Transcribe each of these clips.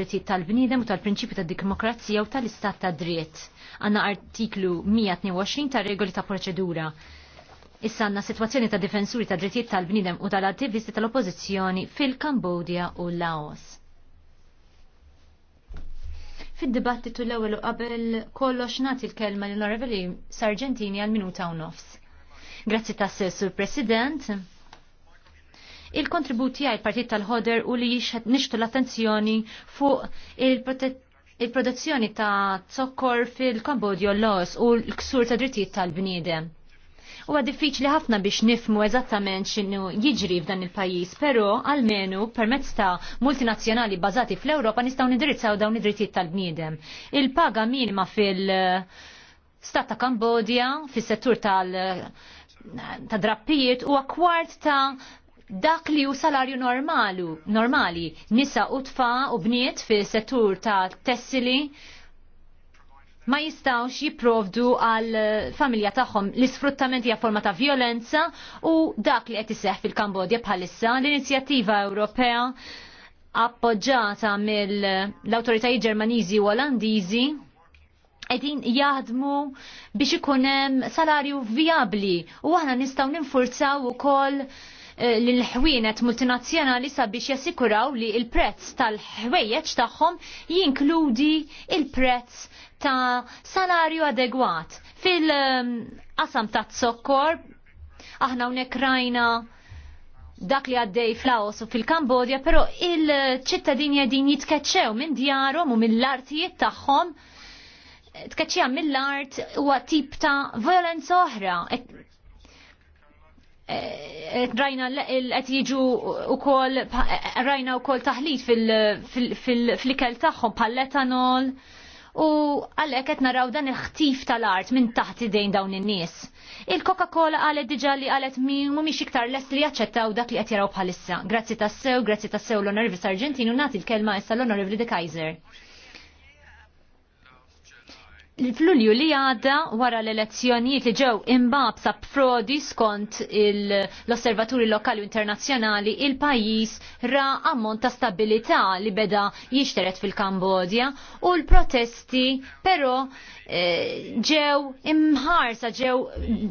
drittijiet tal-bniedem u tal-prinċipju tad-demokrazija u tal-istat ta' dritt. Għanna artiklu 122 ta' regoli ta' proċedura. Issa għanna situazzjoni ta' difensuri ta' drittijiet tal-bniedem u tal-attivisti tal-oppożizzjoni fil-Kambodja u Laos. Fid-dibattitu l-ewwel qabel kollox nagħti l-kelma l-Onorevoli Sargentini għal minuta u nofs. Grazzi tas, Sur President. Il-kontributi għaj partit tal-ħoder u li nixtu l-attenzjoni fuq il-produzzjoni ta' zokkor fil-Kambodja l-os u l-ksur ta' drittijiet tal-bniedem. U għad diffiċli ħafna biex nifmu eżattament x'inhu jiġri f'dan il-pajjiż, però għalmenu permezz ta' multinazzjonali bazati fl-Ewropa nistgħu nindirizzaw dawn id-drittijiet tal-bniedem. Il-paga minima fil-Stat ta' Kambodja fis-settur tal- ta' drappijiet u kwart ta' dak li hu salarju normalu, normali, nisa u tfa u bniet fi settur ta' tessili ma jistawx jiprovdu għal eh, familja tagħhom l-isfruttament hija forma ta' violenza u dak li qed iseħħ fil-Kambodja bħalissa l-Inizjattiva Ewropea appoġġata mill-awtoritajiet Ġermaniżi u Olandiżi qegħdin jaħdmu biex ikun hemm salarju viabli u aħna nistgħu ninfurzaw ukoll Eh, l-ħwienet multinazzjonali sabiex jassikuraw li il-prezz tal-ħwejjeġ tagħhom jinkludi il-prezz ta' salarju adegwat. Fil-qasam ta' sokkor aħna unek rajna dak li għaddej fl u fil-Kambodja, pero il-ċittadini għedin jitkeċċew minn djarom u mill-artijiet tagħhom tkeċċija mill-art huwa tip ta' violenza oħra Eh, rajna qed jiġu ukoll rajna wkoll taħlit fil-ikel tagħhom bħall-etanol u għalhekk qed naraw dan il-ħtif tal-art minn taħt idejn dawn in-nies. Il-Coca-Cola qalet diġà li qalet min mhumiex iktar lest li jaċċettaw dak li qed jaraw bħalissa. Grazzi tassew, grazzi tassew l-Onorevoli u nagħti l-kelma issa l onorevli De Kaiser fl flulju li għada wara l-elezzjonijiet li ġew imbab sa frodi skont l-osservaturi lokali u internazzjonali il-pajis ra ammont ta' stabilità li beda jixteret fil-Kambodja u l-protesti però eh, ġew imħarsa ġew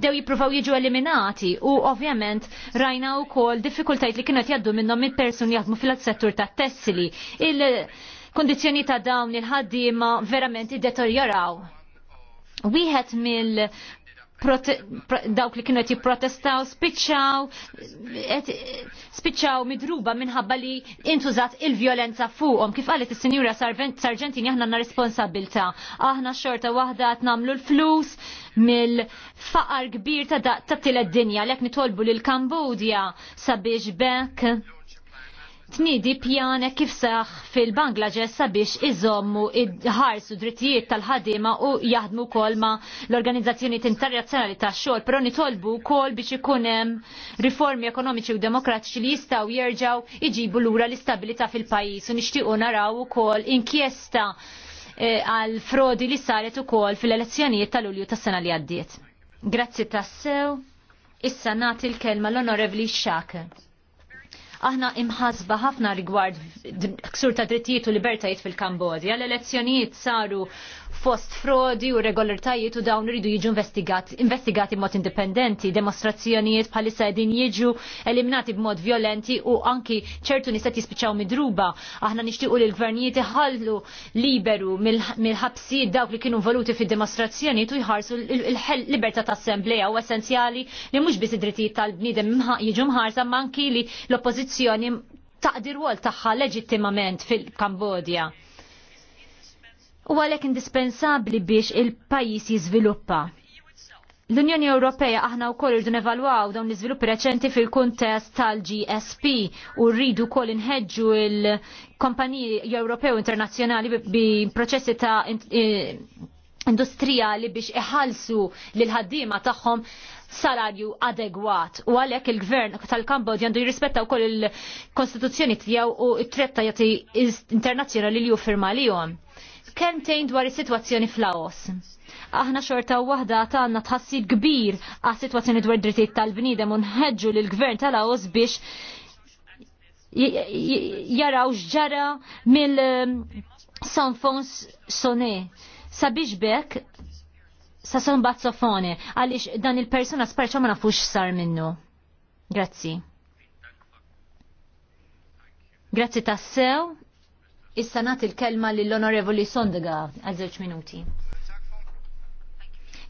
dew jippruvaw jiġu eliminati u ovvjament rajna wkoll diffikultajt li kienet jaddu minnhom il-persuni jaħdmu fil-settur tat-tessili. il kondizjoni ta' dawn il-ħaddiema verament iddeterjoraw. Wieħed mill dawk li kienu qed jipprotestaw spiċċaw spiċċaw midruba minħabba li intużat il-vjolenza fuqhom. Kif qalet is-Sinjura Sarġentin aħna għandna responsabilta. Aħna xorta waħda qed nagħmlu l-flus mill-faqar kbir ta' tielet dinja lek nitolbu lil Kambodja sabiex bekk tnidi pjane kif saħ fil-Bangladesh sabiex iżommu ħarsu drittijiet tal-ħadima u jaħdmu kol ma l-organizzazzjoni internazzjonali ta' xogħol, però nitolbu kol biex ikun hemm riformi ekonomiċi u demokratiċi li jistgħu jerġgħu iġibu lura l-istabilità fil-pajjiż u nixtiequ naraw ukoll inkjesta eh, għal frodi li saret ukoll fil-elezzjonijiet tal-Ulju tas-sena li għaddiet. Grazzi tassew. Issa nagħti l-kelma l-Onorevli Shaker. Aħna imħasba ħafna rigward ksur ta' drittijiet u libertajiet fil-Kambodja. L-elezzjonijiet saru fost frodi u regolartajiet u dawn iridu jiġu investigati, investigati mod indipendenti, demonstrazzjonijiet bħalissa qegħdin jiġu eliminati b'mod violenti u anki ċertu nista' jispiċċaw midruba. Aħna nixtiequ li l-gvernijiet iħallu liberu mill ħabsi dawk li kienu voluti fid-demonstrazzjonijiet u jħarsu l-libertà ta' assembleja u essenzjali li mhux biss id-drittijiet tal-bniedem jiġu mħarsa ma anki li l-oppożizzjoni taqdir wol tagħha leġittimament fil-Kambodja u għalhekk indispensabbli biex il-pajjiż jiżviluppa. L-Unjoni Ewropea aħna wkoll irdu nevalwaw dawn l-iżviluppi reċenti fil-kuntest tal-GSP u rridu wkoll inħeġġu il-kompaniji Ewropew internazzjonali bi proċessi ta' industrijali biex iħalsu l ħaddiema tagħhom salarju adegwat u għalhekk il-gvern tal-Kambodja għandu jirrispetta wkoll il-Kostituzzjoni tiegħu u t-trettajati internazzjonali li ju firmalihom tejn dwar is-sitwazzjoni fl-Aos. Aħna xorta waħda għandna tħassib kbir għas sitwazzjoni dwar drittijiet tal-bniedem u nħeġġu lill gvern tal-Aos biex jaraw x'ġara mill um, sanfons sone. Sabiex bekk sa son bazzofone għaliex dan il-persuna sparċa ma nafux sar minnu. Grazzi. Grazzi tassew. Issa nagħti il-kelma lill-Onorevoli Sondega għal żewġ minuti.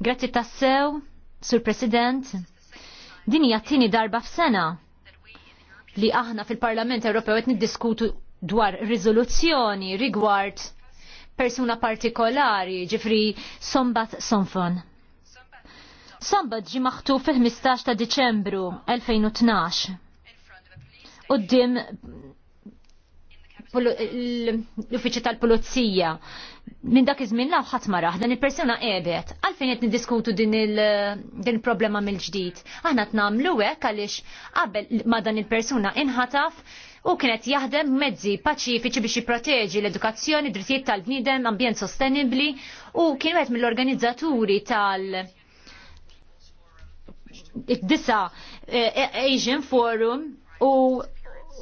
Grazzi tassew, Sur President. Din hija t-tieni darba f'sena li aħna fil-Parlament Ewropew qed niddiskutu dwar riżoluzzjoni rigward persuna partikolari, ġifri Sombat Somfon. Sombat ġi maħtu fil-15 ta' Deċembru 2012. Uddim l-uffiċi tal-pulizija. Minn dak iż-żmien law ħadd maraħ dan il-persuna qiegħed. Għalfejn qed niddiskutu din il-problema mill-ġdid. Aħna qed nagħmlu hekk għaliex qabel ma dan il-persuna inħataf u kienet jaħdem mezzi paċifiċi biex jipproteġi l-edukazzjoni, drittijiet tal-bniedem, ambjent sostenibli u kien wieħed mill-organizzaturi tal- id-disa eh, eh, Asian Forum u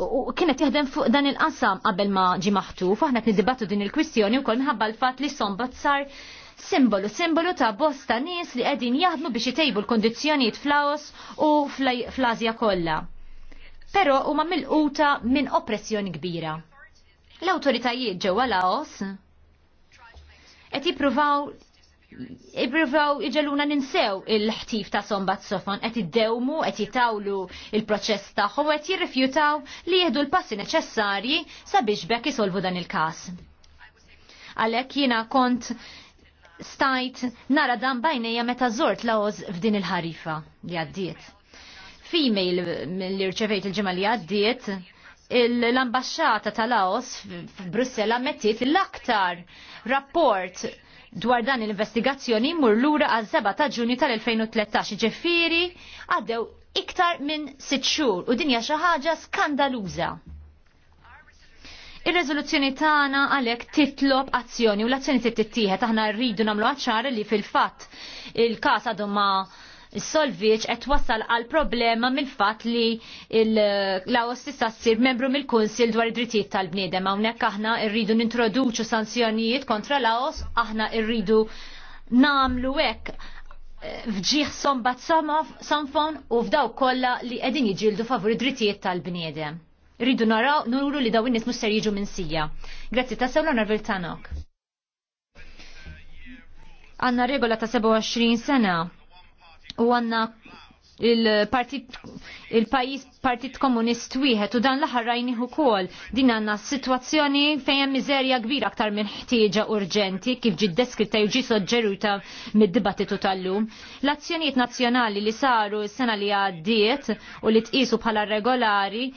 u kienet jaħdem fuq dan il-qasam qabel ma ġi maħtuf, aħna nid-dibattu din il-kwistjoni u kol minħabba l-fat li sombat sar simbolu, simbolu ta' bosta nis li qegħdin jaħdmu biex jtejbu l fl flaos u fl-Azja kollha. Però huma mill-quta minn oppressjoni kbira. L-awtoritajiet ġewwa Laos qed jippruvaw Ibrivaw iġaluna ninsew il-ħtif ta' sombat sofon, għet id-dewmu, għet jitawlu il-proċess u għet jirrifjutaw li jihdu l-passi neċessarji sabiex bekk jisolvu dan il-kas. Għalek jina kont stajt nara dan bajnija meta zort laħoz f'din il-ħarifa li għaddiet. Female li rċevejt il ġimgħa li għaddiet, l-ambasċata tal aos f'Brussella mettiet l-aktar rapport dwar dan l-investigazzjoni mur lura għal 7 ta' ġunju tal-2013 ġeffiri għaddew iktar minn 6 xhur u dinja xi ħaġa skandaluża. Ir-rezoluzzjoni tagħna għalhekk titlob azzjoni u l-azzjoni tittieħed aħna rridu nagħmlu ċar li fil-fatt il-każ għadhom ma' solviċ qed wasal għal problema mill-fatt li l-Laos tista' ssir membru mill-Kunsil dwar id-drittijiet tal-bniedem hawnhekk aħna rridu nintroduċu sanzjonijiet kontra Laos, aħna rridu namlu hekk eh, fġieħ sombat samfon u f'daw kollha li qegħdin jiġildu favur id-drittijiet tal-bniedem. Rridu naraw nuru li daw in-nies mhux jiġu minn sija. Grazzi tassew l-Onorevil Tanok għanna regola ta' 27 sena u għanna il pajis partit komunist wieħed u dan l-aħħar rajniħu ukoll din għandna situazzjoni fejn hemm miżerja kbira aktar minn ħtieġa urġenti kif ġiet deskritta jew ġie soġġeruta mid-dibattitu tal-lum. L-azzjonijiet nazzjonali li saru s-sena li għaddiet u li tqisu bħala regolari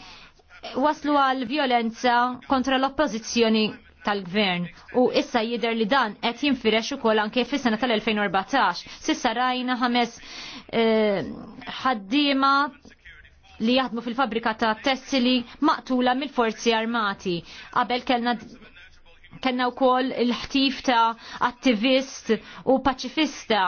waslu għal violenza kontra l-oppożizzjoni tal-gvern u issa jider li dan qed jinfirex ukoll anke fis-sena tal-2014. Sissa rajna ħames eh, ħaddiema li jaħdmu fil-fabrika ta' tessili maqtula mill-forzi armati. Qabel kellna kellna wkoll il-ħtif ta' attivist u paċifista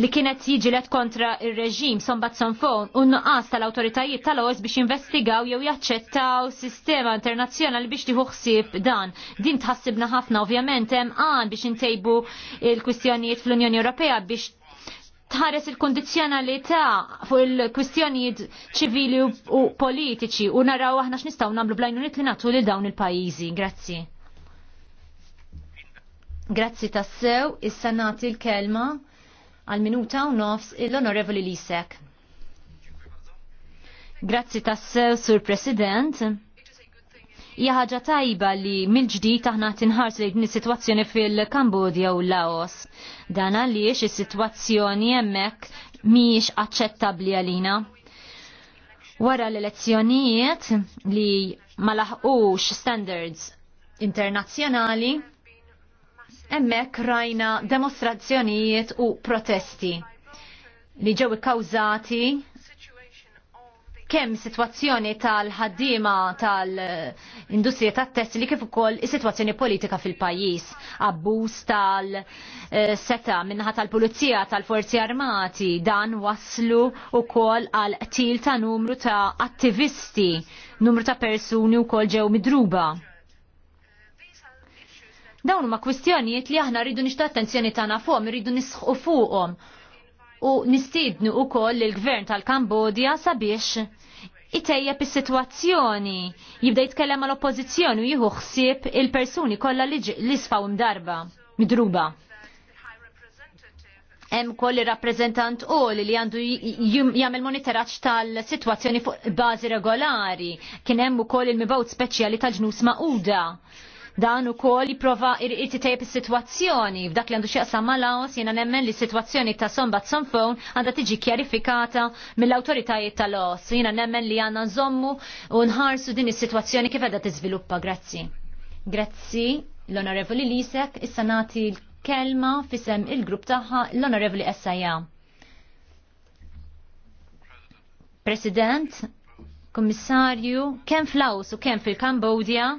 li kienet jiġilet kontra il-reġim sombat sanfon u nuqqas tal-autoritajiet tal-OS biex investigaw jew jaċċettaw sistema internazzjonali biex tieħu ħsieb dan. Din tħassibna ħafna ovvjament hemm għan biex intejbu il-kwistjonijiet fl-Unjoni Ewropea biex tħares il-kondizjonalità fuq il-kwistjonijiet ċivili u politiċi u naraw aħna x'nistgħu nagħmlu blajnuniet li nagħtu lil dawn il-pajjiżi. Grazzi. Grazzi tassew, is-sanati l-kelma Għal-minuta u nofs l-Onorevoli Lisek. Grazzi tassew, Sur President. Jaħġa ħaġa tajba li mill-ġdid aħna tinħars lejn is-sitwazzjoni fil-Kambodja u Laos. Dan għaliex is-sitwazzjoni hemmhekk mhijiex aċċettabbli għalina. Wara l-elezzjonijiet li ma laħqux standards internazzjonali, emmek rajna demonstrazzjonijiet u protesti li ġew ikkawżati kemm sitwazzjoni tal-ħaddiema tal-industrija tat-test li kif ukoll is-sitwazzjoni politika fil-pajjiż, abbuż tal-seta minnaħa tal-pulizija tal-forzi armati dan waslu ukoll għal til ta' numru ta' attivisti, numru ta' persuni wkoll ġew midruba Dawn huma kwistjonijiet li aħna rridu nixta attenzjoni tagħna fuqhom, irridu nisħu fuqhom. U nistiednu wkoll il-gvern tal-Kambodja sabiex itejjeb is-sitwazzjoni, jibda jitkellem mal oppożizzjoni u jieħu ħsieb il-persuni kollha li sfaw imdarba, midruba hemm koll rappreżentant qol li għandu jagħmel monitoraġġ tal-sitwazzjoni fuq bażi regolari. Kien hemm ukoll il-mibgħut speċjali tal-ġnus Magħquda. Dan u kol jiprofa irriti tejp situazzjoni. F'dak li għandu xieqsam ma' Laos jena nemmen li situazzjoni ta' t sanfon għanda tiġi kjarifikata mill-autoritajiet ta' Laos. Jena nemmen li għanna nżommu u nħarsu din is-situazzjoni kif t tiżviluppa. Grazzi. Grazzi l-Onorevoli Lisek, issa nati l-kelma fisem il-grupp taħħa l-Onorevoli Essaja. President, Kommissarju, kemm fl u kemm fil-Kambodja,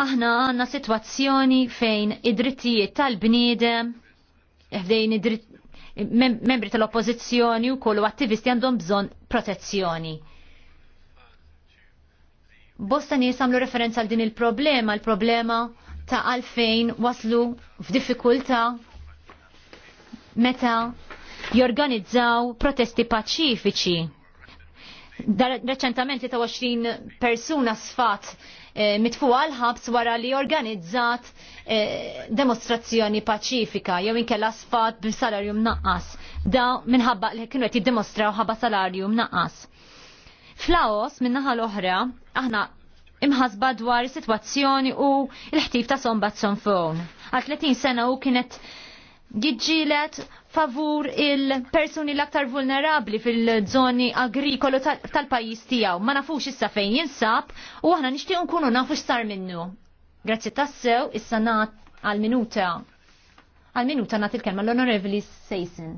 aħna għanna situazzjoni fejn id-drittijiet tal-bniedem, fdejn membri tal-oppozizjoni u kollu attivisti għandhom bżon protezzjoni. Bosta nies referenza għal din il-problema, il-problema ta' għalfejn waslu f'diffikulta meta jorganizzaw protesti paċifiċi. Reċentament 20 persuna sfat Eh, mitfu l-ħabs wara li organizzat eh, demonstrazzjoni paċifika jew inkella sfat bil-salarium mnaqqas. Da minħabba li kienu qed jiddemostraw ħabba salarju mnaqqas. Flaos minnaħa l-oħra aħna imħasba dwar is-sitwazzjoni u l-ħtif ta' sombat sonfon. Għal 30 sena u kienet jidġilet favur il-persuni l-aktar vulnerabli fil-żoni agrikolo tal-pajis tijaw. Ma nafux issa fejn jinsab u aħna nixtieq nkunu nafu x'sar minnu. Grazzi tassew, issa nat għal-minuta. Għal-minuta nat il-kelma l-Onorevoli Sejsin.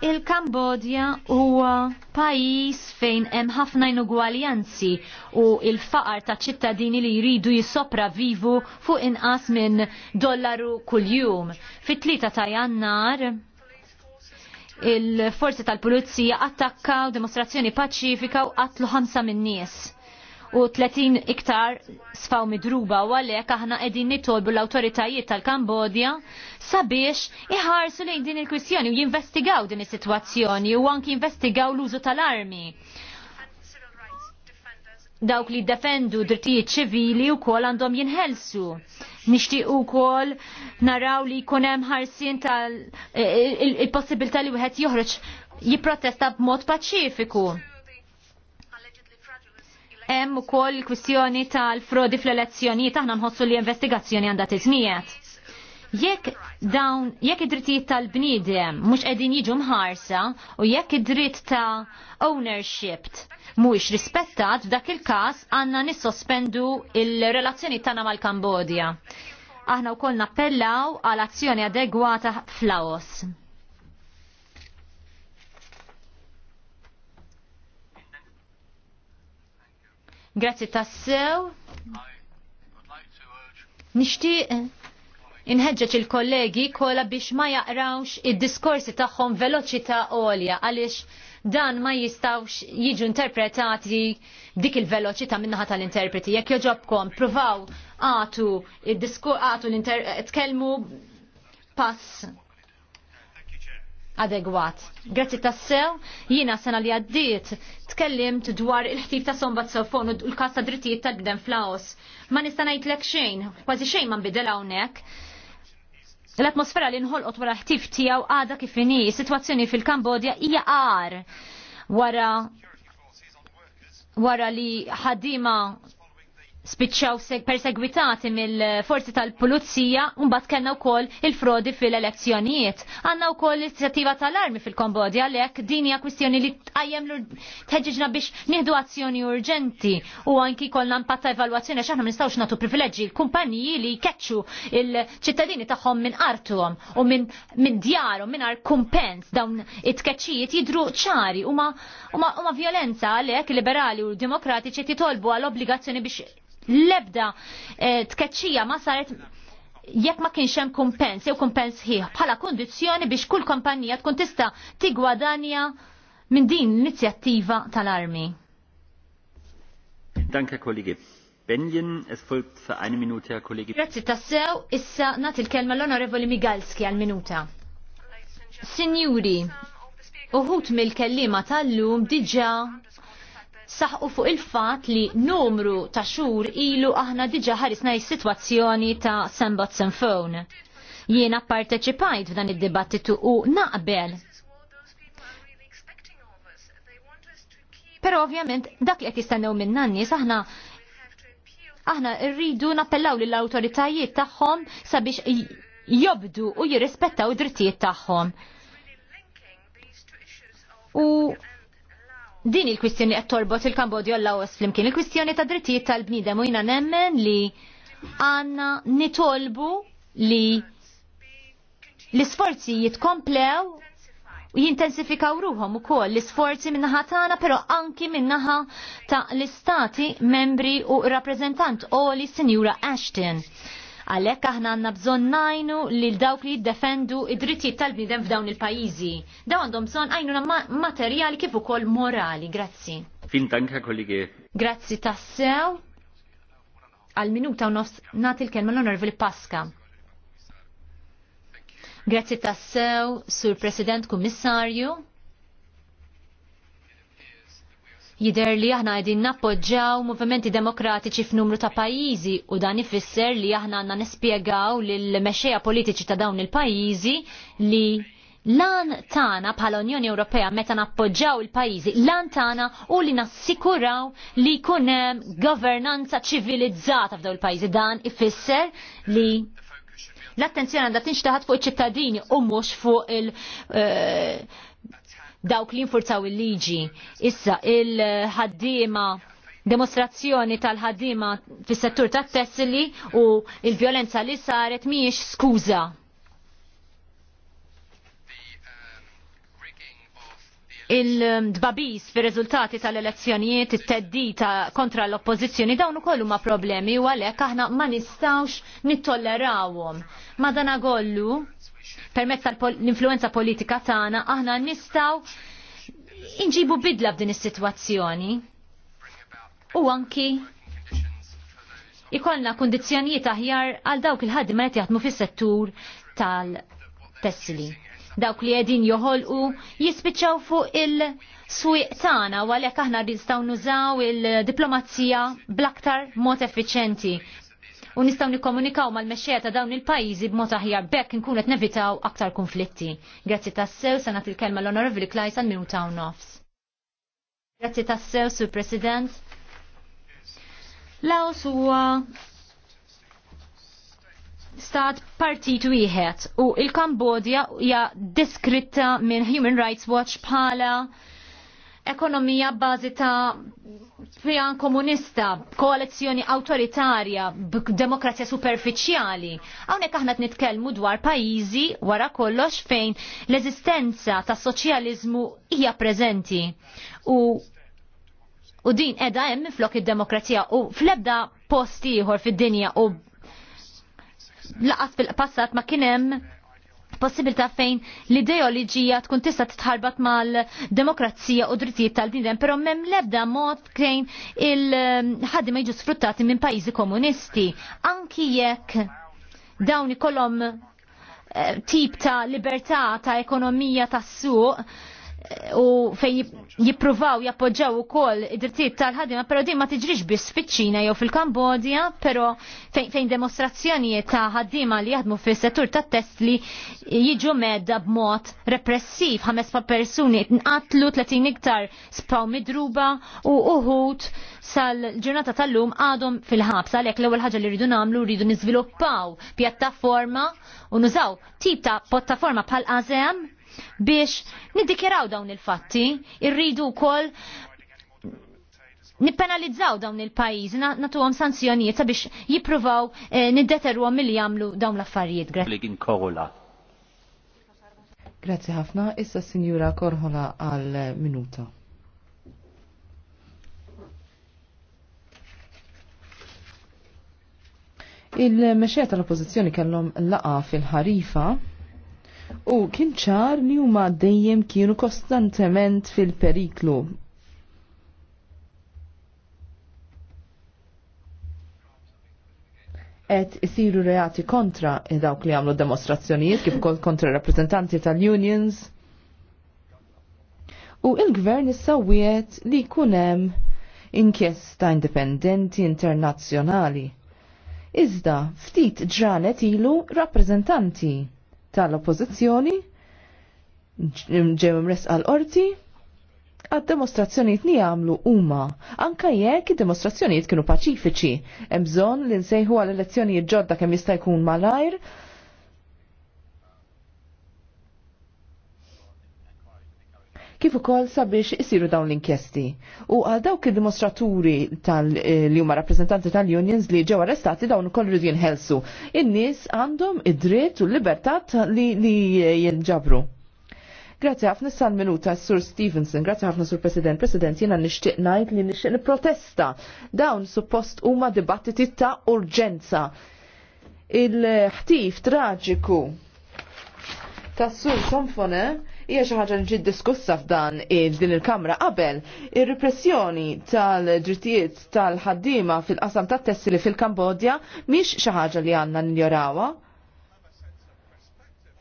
Il-Kambodja huwa pajis fejn hemm ħafna inugwaljanzi u il-faqar ta' ċittadini li jridu vivu fuq inqas minn dollaru kuljum. Fit-tlieta ta' jannar il-forzi tal-pulizija attakkaw demostrazzjoni paċifika u qatlu ħamsa minn nies u 30 iktar sfaw midruba u għalhekk aħna qegħdin nitolbu l-awtoritajiet tal-Kambodja sabiex iħarsu lejn din il-kwistjoni u jinvestigaw din is-sitwazzjoni u anki jinvestigaw l-użu tal-armi dawk li defendu drittijiet ċivili u kol għandhom jinħelsu. Nishti u kol naraw li kunem ħarsin tal eh, il-possibilta li wieħed joħroġ jiprotesta b'mod paċifiku. Hemm ukoll kwistjoni tal-frodi fl-elezzjonijiet aħna nħossu li investigazzjoni għandha tiżniet. Jekk dawn jekk id-drittijiet tal-bniedem mhux qegħdin jiġu mħarsa u jekk id-dritt ta' ownership mhuwiex rispettat f'dak il-każ għandna nissospendu il-relazzjoni tagħna mal-Kambodja. Aħna wkoll nappellaw għal azzjoni adegwata f'Laos. Grazzi tassew. Nixtieq eh, inħeġġeġ il-kollegi kollha biex ma jaqrawx id-diskorsi tagħhom veloċità għolja għaliex dan ma jistawx jiġu interpretati dik il-veloċità minnaħa tal-interpreti. Jekk joġobkom, provaw għatu il-diskorsi, għatu l interpreti tkellmu pass adegwat. Grazzi tassew, jina sena li għaddiet tkellimt dwar il-ħtif ta' somba t-sofon u l kasta ta' drittijiet tal-bden flaws. Ma nistanajt lek xejn, kważi xejn ma nbidel hawnhekk. L-atmosfera li nħolqot wara ħtif tiegħu għada kif inhi, sitwazzjoni fil-Kambodja hija għar wara wara li ħadima spiċċaw persegwitati mill-forzi tal-pulizija mbagħad kellna wkoll il-frodi fil-elezzjonijiet. Għandna wkoll l inizjattiva tal-armi fil-Kambodja għalhekk din hija kwistjoni li tqajjem teġiġna biex nieħdu azzjoni urġenti u anki kollna mpatt ta' evalwazzjoni għax aħna ma nistgħux nagħtu privileġġi l-kumpaniji li jkeċċu il-ċittadini tagħhom minn artuhom u minn min djarhom mingħajr kumpens dawn it-tkeċċijiet jidru ċari u ma violenza għalhekk liberali u demokratiċi titolbu għall obbligazzjoni biex l-ebda eh, tkeċċija ma saret jekk ma kienx hemm kumpens jew kumpens ħieħ bħala kondizzjoni biex kull kompanija tkun tista' tigwadanja minn din l-inizjattiva tal-armi. Danke kollegi. Benjen, es folgt fa' eine Minute, Herr Kollege. Grazie tassew, issa nat il-kelma l-onorevoli Migalski għal-minuta. Signuri, uħut mill-kellima tal-lum diġa saħqu fuq il-fat li numru ta' xur ilu aħna diġa ħarisna is-sitwazzjoni ta' Sembot Senfone. Jiena parteċipajt f'dan id-dibattitu u naqbel Pero ovvjament dak li qed jistennew minn n-nies aħna aħna rridu nappellaw lill awtoritajiet tagħhom sabiex jobdu u jirrispettaw id-drittijiet tagħhom. U din il-kwistjoni qed torbot il-Kambodja u l-Laos flimkien. Il-kwistjoni ta' drittijiet tal-bniedem u jina nemmen li għanna nitolbu li l-isforzi jitkomplew u jintensifikaw ruhom ukoll l-isforzi minnaħa tagħna però anki minnaħa ta' l-istati membri u rappreżentant Oli Sinjura Ashton. Għalhekk aħna għandna bżonn najnu lil dawk li jiddefendu id-drittijiet tal-bniedem f'dawn il-pajjiżi. Daw għandhom bżonn għajnuna materjali kif ukoll morali. Grazzi. Fin tanka kollegi. Grazzi tassew. Għal minuta u nofs nagħti l-kelma l-Onorevoli Paska. Grazzi tassew, Sur President Kummissarju. Jider li aħna għedin nappoġġaw movimenti demokratiċi f'numru ta' pajjiżi u dan ifisser li aħna għandna nispjegaw l mexxejja politiċi ta' dawn il-pajjiżi li lan tana bħala Unjoni Ewropea meta nappoġġaw il-pajjiżi, lan tana u li nassikuraw li jkun hemm governanza ċivilizzata f'daw il pajizi dan ifisser li l-attenzjoni għandha tinxtaħat fuq iċ-ċittadini u mhux fuq il- uh, dawk li nfurzaw il-liġi. Issa, il-ħaddima demostrazzjoni tal-ħaddima fis settur tat tessili u il-violenza li saret miex skuza. il-dbabis fi rezultati tal-elezzjonijiet it-teddita kontra l-oppozizjoni dawn ukoll huma problemi u għalhekk aħna ma nistgħux nittollerawhom. dana kollu permezz tal-influenza politika tagħna aħna nistgħu inġibu bidla f'din is-sitwazzjoni. U anki ikollna kundizzjonijiet aħjar għal dawk il-ħaddim qed jaħdmu fis-settur tal-tessili. Dawk li qegħdin joħolqu jispiċċaw fuq il-swieq tagħna u għalhekk aħna nistgħu nużaw il-diplomazija bl-aktar mod effiċenti u nistgħu nikkomunikaw mal-mexxejja ta' dawn il-pajjiżi b'mod aħjar bekk nkun qed nevitaw aktar konflitti. Grazzi tas sew sanat il kelma l-Onorevoli Klajsan minn taw nofs. Grazzi tas-sew, Sur President. Laos huwa stat partit wieħed u il-Kambodja hija diskritta minn Human Rights Watch bħala ekonomija bazi ta' pjan komunista, koalizjoni autoritarja, demokrazja superficiali. Hawnhekk aħna nitkellmu dwar pajjiżi wara kollox fejn l-eżistenza ta' soċjaliżmu hija preżenti. U u din edha hemm flok id-demokrazija u fl-ebda posti ieħor fid-dinja u laqas fil-passat ma kien hemm possibilità fejn l-ideoloġija tkun tista' titħarbat mal-demokrazija u drittijiet tal-bniedem, però m'hemm l-ebda mod fejn il-ħaddi ma jiġu sfruttati minn pajjiżi komunisti. Anki jekk dawn ikollhom eh, tip ta' libertà ta' ekonomija tas-suq, u fej jippruvaw jappoġġaw ukoll id-drittijiet tal-ħadima, però din ma tiġrix biss fiċ-Ċina jew fil-Kambodja, però fejn demostrazzjonijiet ta' ħaddiema li jaħdmu fis-settur tat-test li jiġu medda b'mod repressiv, ħames pa' persuni nqatlu 30 iktar spaw midruba u uħut sal-ġurnata tal-lum għadhom fil-ħabs għalhekk l-ewwel ħaġa li rridu nagħmlu rridu niżviluppaw pjattaforma u nużaw tip ta' pjattaforma bħal ASEAN biex niddikjeraw dawn il-fatti, irridu wkoll nippenalizzaw dawn il-pajjiżi, nagħtuhom sanzjonijiet sabiex jippruvaw għom eh, milli jagħmlu dawn l-affarijiet. Grazzi ħafna, issa Sinjura Korhola għal minuta. Il-mexxejja tal-Oppożizzjoni kellhom laqa fil-ħarifa u kien ċar li huma dejjem kienu kostantement fil-periklu. Et isiru reati kontra dawk li għamlu demonstrazzjonijiet kif ukoll kontra r-rappreżentanti tal-unions. U il-gvern issawiet li jkun hemm inkjesta indipendenti internazzjonali. Iżda, ftit ġranet ilu rappreżentanti tal-oppożizzjoni ġew imres għal-qorti għad-demostrazzjoniet li għamlu huma anka jekk id-demostrazzjonijiet kienu paċifiċi hemm bżonn li nsejħu għal elezzjonijiet ġodda kemm jista' jkun malajr kif ukoll sabiex isiru dawn l-inkjesti. U għal dawk id-dimostraturi eh, li huma rappreżentanti tal-unions li ġew arrestati dawn ukoll rridu jinħelsu. In-nies għandhom id-dritt u l-libertà li, li jinġabru. Grazie ħafna sal minuta Sur Stevenson, grazie ħafna Sur President. President, jena nishtiq najt li nishtiq protesta. Dawn suppost huma dibattiti ta' urġenza. Il-ħtif traġiku ta' Sur Somfone hija xi ħaġa li ġiet diskussa f'dan din il-Kamra qabel ir-repressjoni tal-drittijiet tal-ħaddiema fil-qasam tat-tessili fil-Kambodja mhix xi ħaġa li għandna ninjorawha.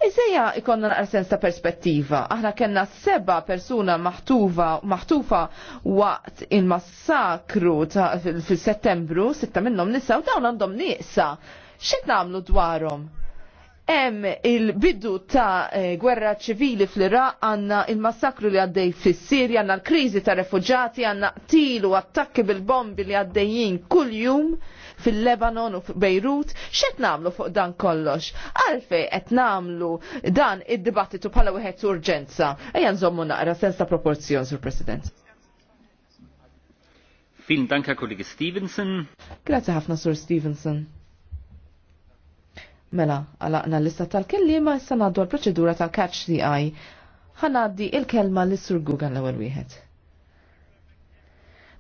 Iżeja ikonna naqra sens ta' perspettiva. Aħna kena seba persuna maħtufa, maħtufa waqt il-massakru fil-settembru, sitta minnom nisa u dawn għandhom nisa. Xit namlu dwarom? Hemm il-bidu ta' eh, gwerra ċivili fl-Iraq għandna il-massakru li għaddej fis-Sirja, għandna l-kriżi ta' refuġati, għandna tilu attakki bil-bombi li għaddejjin kuljum fil-Lebanon u f'Bejrut, xet nagħmlu fuq dan kollox? Għalfej qed nagħmlu dan id-dibattitu bħala wieħed urġenza. Ejja nżommu naqra sens ta' proporzjon, Sur President. Fin danka kollegi Stevenson. Grazie ħafna, Sur Stevenson. Mela, għalaqna l-lista tal-kellima issa naddu l-proċedura tal-catch the eye. Ħanaddi il-kelma l sur Gugan l-ewwel wieħed.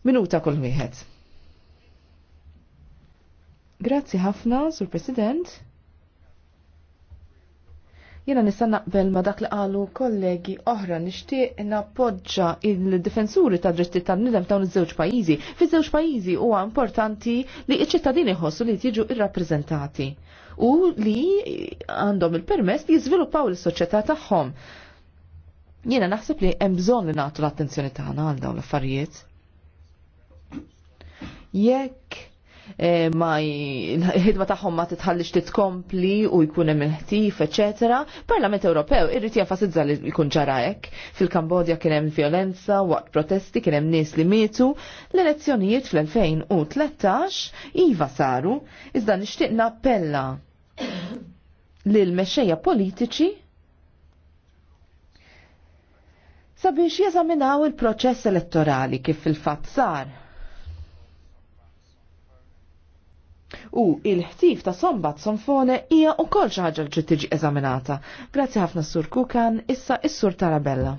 Minuta kull wieħed. Grazzi ħafna, Sur President. Jena nista' naqbel ma dak li qalu kollegi oħra nixtieq nappoġġa il-difensuri ta' dritti tan-nidem ta' iż-żewġ pajjiżi. Fiż-żewġ pajjiżi huwa importanti li ċ-ċittadini jħossu li jiġu irrappreżentati u li għandhom il-permess li jiżviluppaw il-soċjetà tagħhom. Jiena naħseb li hemm bżonn li nagħtu l-attenzjoni tagħna għal dawn l-affarijiet. Jekk Eh, ma il-ħidma tagħhom ma titħallix titkompli u jkun hemm il-ħtif, eċetera. Parlament Ewropew irrid jenfasizza li jkun ġara hekk. Fil-Kambodja kien hemm violenza waqt protesti kien hemm nies li mietu. L-elezzjonijiet fl-2013 iva saru, iżda nixtieq nappella lil mexxejja politiċi sabiex jeżaminaw il-proċess elettorali kif il-fatt sar U il-ħtif ta' sombat sonfone hija wkoll xi ħaġa li tiġi eżaminata. Grazzi ħafna Sur Kukan, issa is-Sur Tarabella.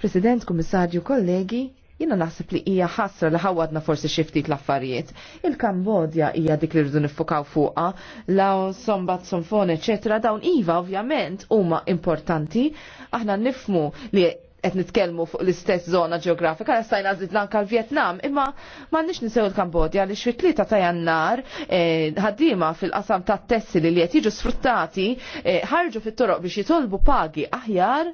President, Kummissarju, kollegi, jina naħseb li hija ħasra li ħawadna forsi xi ftit l-affarijiet. Il-Kambodja hija dik li rridu nifokaw fuqha, law sombat somfone, eċetera, dawn iva ovvjament huma importanti. Aħna nifmu li qed nitkellmu fuq l-istess zona ġeografika, stajna għażlit lanka l-Vjetnam, imma m'għandniex nisew il-Kambodja li xfitlieta ta' jannar eh, ħaddiema fil-qasam ta' tessi li qed jiġu sfruttati eh, ħarġu fit-toroq biex jitolbu pagi aħjar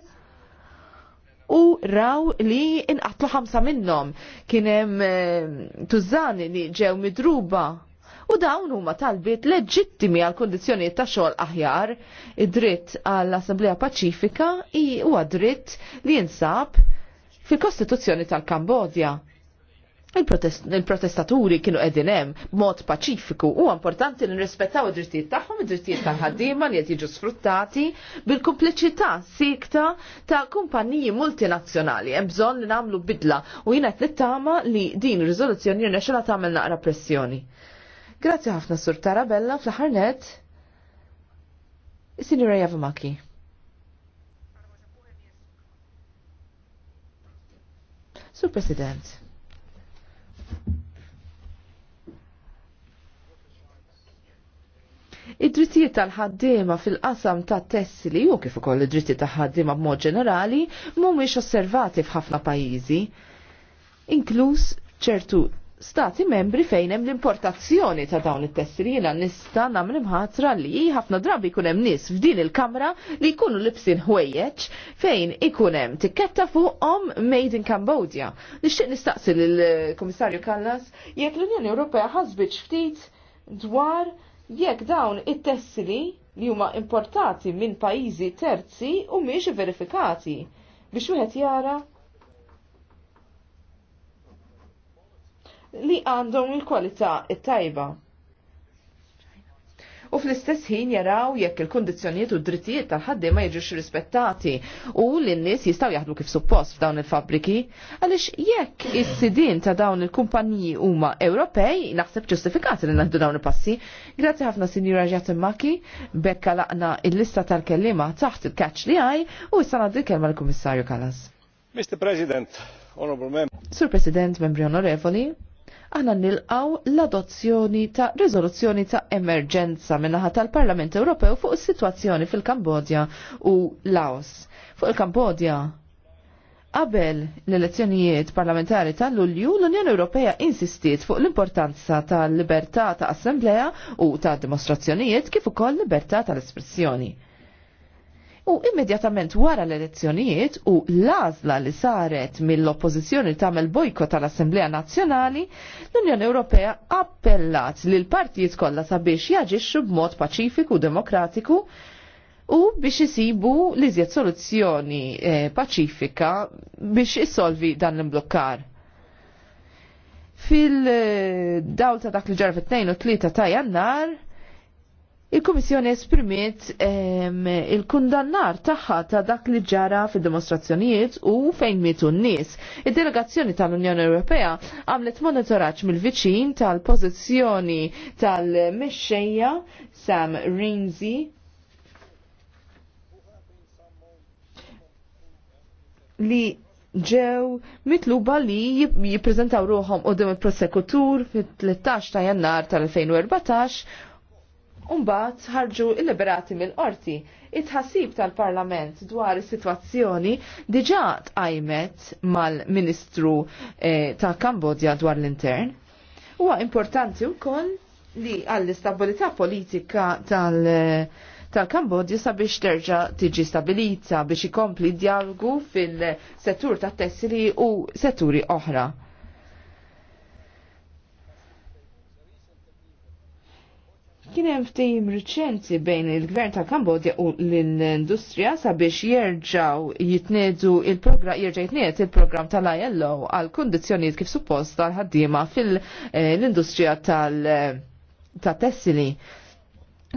u raw li inqatlu ħamsa minnhom kien hemm eh, tużani li ġew midruba u dawn huma talbiet leġittimi għal kondizzjonijiet ta' xogħol aħjar, id-dritt għall assemblea Paċifika huwa dritt li jinsab fil-Kostituzzjoni tal-Kambodja. Il-protestaturi kienu qegħdin hemm b'mod paċifiku u importanti li nrispettaw id-drittijiet tagħhom, id-drittijiet tal-ħaddiema li qed jiġu sfruttati bil-kumpliċità sikta ta' kumpanniji multinazzjonali. Hemm bżonn li nagħmlu bidla u jiena qed nittama li din ir-riżoluzzjoni jirnexxela tagħmel naqra pressjoni. Grazzi ħafna Sur Tarabella fl-ħarnet. Sinjura Javamaki. Sur President. Id-drittijiet tal-ħaddiema fil-qasam ta' tessili u kif ukoll id-drittijiet ta' ħaddiema b'mod ġenerali mhumiex osservati f'ħafna pajjiżi, inkluż ċertu stati membri fejn hemm l-importazzjoni ta' dawn it-tessri jiena nista' nagħmel imħatra li ħafna drabi jkun hemm nies f'din il-kamra li jkunu libsin ħwejjeġ fejn ikun hemm tikketta fuqhom made in Cambodia. Nixtieq nistaqsi lill-Kummissarju Kallas jekk l-Unjoni Ewropea ħasbitx ftit dwar jekk dawn it-tessri li huma importati minn pajjiżi terzi u mhix verifikati biex wieħed jara li għandhom il-kwalità it-tajba. U fl-istess ħin jaraw jekk il-kondizjonijiet u drittijiet tal ma jiġux rispettati u l nies jistgħu jaħdmu kif suppost f'dawn il-fabriki, għaliex jekk is-sidin ta' dawn il-kumpaniji huma Ewropej naħseb ġustifikati li naħdu dawn il-passi. Grazzi ħafna Sinjura Ġatimmaki, bekka laqna il-lista tal-kellima taħt il-catch li għaj u issa għaddi kelma l-Kummissarju Kallas. Mr. President, Honorable Member. Sur President, membri onorevoli, aħna nilqaw l-adozzjoni ta' Rizoluzzjoni ta' emerġenza minnaħa tal-Parlament Ewropew fuq is-sitwazzjoni fil-Kambodja u Laos. Fuq il-Kambodja, qabel l-elezzjonijiet parlamentari tal-Lulju, l-Unjoni Ewropea insistiet fuq l-importanza tal-libertà ta' assembleja u ta' dimostrazzjonijiet kif ukoll libertà tal-espressjoni. U immedjatament wara l-elezzjonijiet u l li saret mill oppożizzjoni tagħmel bojko tal-Assemblea Nazzjonali, l-Unjoni Ewropea appellat lil partijiet kollha sabiex jaġixxu b'mod paċifiku u demokratiku u biex isibu li żjed soluzzjoni eh, paċifika biex issolvi dan l-imblokkar. Fil-dawl eh, ta' dak li ġarfet fit-2 u 3 ta' jannar, Il-Kummissjoni esprimiet il-kundannar tagħha ta' dak li ġara fid-dimostrazzjonijiet u fejn mietu n-nies. Id-delegazzjoni tal-Unjoni Ewropea għamlet monitoraċ mill-viċin tal-pożizzjoni tal-mexxejja Sam Rinzi. li ġew mitluba li jippreżentaw ruħom u dim il-prosekutur fit-13 ta' jannar tal-2014 Umbat ħarġu illiberati mill-qorti. it ħasib tal-Parlament dwar is-sitwazzjoni diġà tqajmet mal-Ministru eh, ta' Kambodja dwar l-intern. Huwa importanti wkoll li għall-istabilità politika tal- tal-Kambodja sabiex terġa tiġi stabilita biex ikompli dialogu fil-settur tat-tessili u setturi oħra. Kien hemm ftehim riċenti bejn il-Gvern ta' Kambodja u l-industrija sabiex jerġgħu jitnedu il-programm jerġa' jitnied il-programm tal-ILO għal kundizzjonijiet kif suppost tal ħaddiema fil-industrija tal- ta' tessili.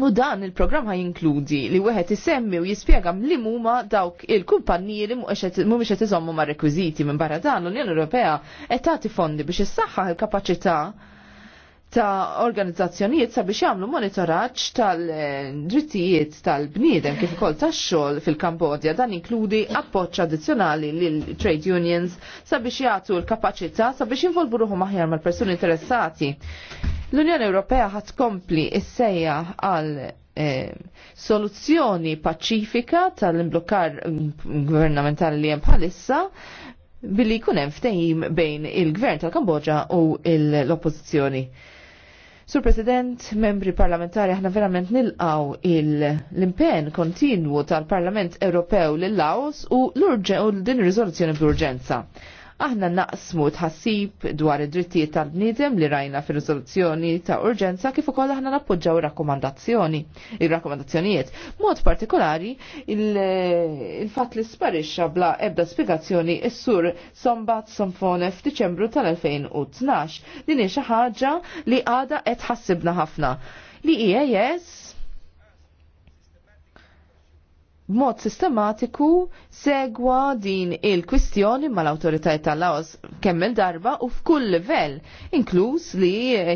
U dan il-programm ħaj jinkludi li wieħed isemmi u jispjega li huma dawk il-kumpanniji li mhumiex qed iżommu ma' rekwiżiti minn barra dan l-Unjoni Ewropea qed tagħti fondi biex issaħħaħ il-kapaċità il il kapaċità ta' organizzazzjonijiet sabiex jagħmlu monitoraġġ tal-drittijiet tal-bniedem kif ukoll tax-xogħol fil-Kambodja dan inkludi appoġġ addizzjonali lil trade unions sabiex jagħtu l-kapaċità sabiex jinvolbu ruħhom aħjar mal-persuni interessati. L-Unjoni Ewropea ħadd kompli issejja għal eh, soluzzjoni paċifika tal-imblokkar gvernamentali li hemm bħalissa billi jkun hemm ftehim bejn il-gvern tal kambodja u l-oppożizzjoni. Sur President, membri parlamentari, aħna verament nilqaw l-impen kontinwu tal-Parlament Ewropew l-Laos u l-urġen u din riżoluzzjoni b'urġenza. Aħna naqsmu tħassib dwar id-drittijiet tal-bniedem li rajna fir riżoluzzjoni ta' urġenza kif ukoll aħna nappoġġaw rakkomandazzjoni, ir-rakkomandazzjonijiet. Mod partikolari il-fatt li sparixxa bla ebda spjegazzjoni is-sur Sombat Somfone f'Diċembru tal-2012 din hija xi ħaġa li għada qed ħassibna ħafna. Li IAS e B'mod sistematiku segwa din il-kwistjoni mal-autoritajiet tal-Laos kemm il-darba u f'kull livell, inkluż li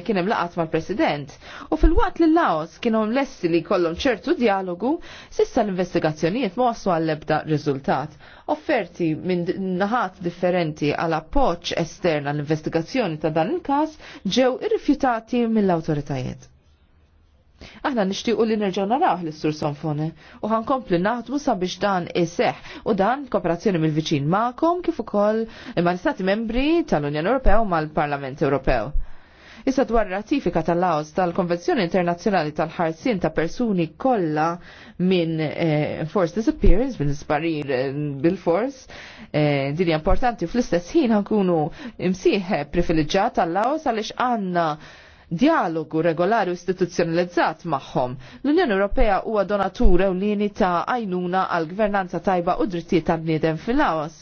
kien hemm laqat mal-President. U fil-waqt li Laos kienu lesti li kollhom ċertu dialogu, sissa l-investigazzjonijiet ma waslu għall-ebda riżultat. Offerti minn naħat differenti għal appoġġ esterna l-investigazzjoni ta' dan il-każ ġew irrifjutati mill-awtoritajiet. Aħna nixtiequ li nerġgħu naraw l-istur Sanfone u ħankompli naħdmu sabiex dan iseħ u dan kooperazzjoni mill-viċin magħkom kif ukoll l stati membri tal-Unjoni Ewropew mal-Parlament Ewropew. Issa dwar ratifika tal laws tal-Konvenzjoni Internazzjonali tal-ħarsien ta' persuni kollha minn eh, force disappearance, minn sparir eh, bil-fors, eh, din importanti fl-istess ħin ħankunu imsieħe privileġġat tal laws għaliex għandna dialogu regolari u istituzzjonalizzat magħhom. L-Unjoni Ewropea huwa donatur ewlieni ta' għajnuna għal gvernanza tajba u drittijiet tan-bniedem fil laos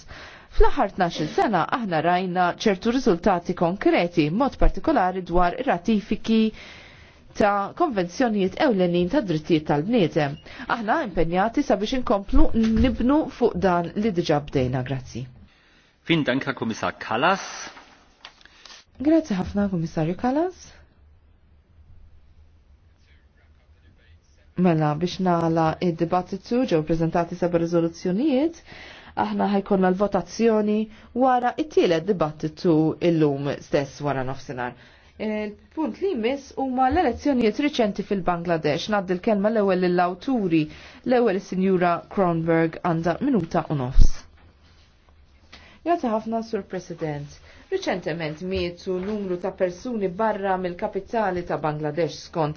Fl-aħħar 12 sena aħna rajna ċertu riżultati konkreti, mod partikolari dwar ratifiki ta' konvenzjonijiet ewlenin ta' drittijiet tal-bniedem. Aħna impenjati sabiex inkomplu nibnu fuq dan li diġa bdejna, grazzi. Fin danka komissar Kalas. Grazzi ħafna komissarju Kalas. Mela biex nala id-dibattitu ġew prezentati seba' rizoluzzjonijiet, aħna ħajkonna l-votazzjoni wara it-tielet dibattitu illum stess wara nofsinhar. Il-punt li jmiss huma l-elezzjonijiet riċenti fil-Bangladesh ngħaddi l-kelma l-ewwel lill-awturi l-ewwel is-Sinjura Kronberg għandha minuta u nofs. Jagħti ħafna sur President. Riċentement mietu numru ta' persuni barra mill-kapitali ta' Bangladesh skont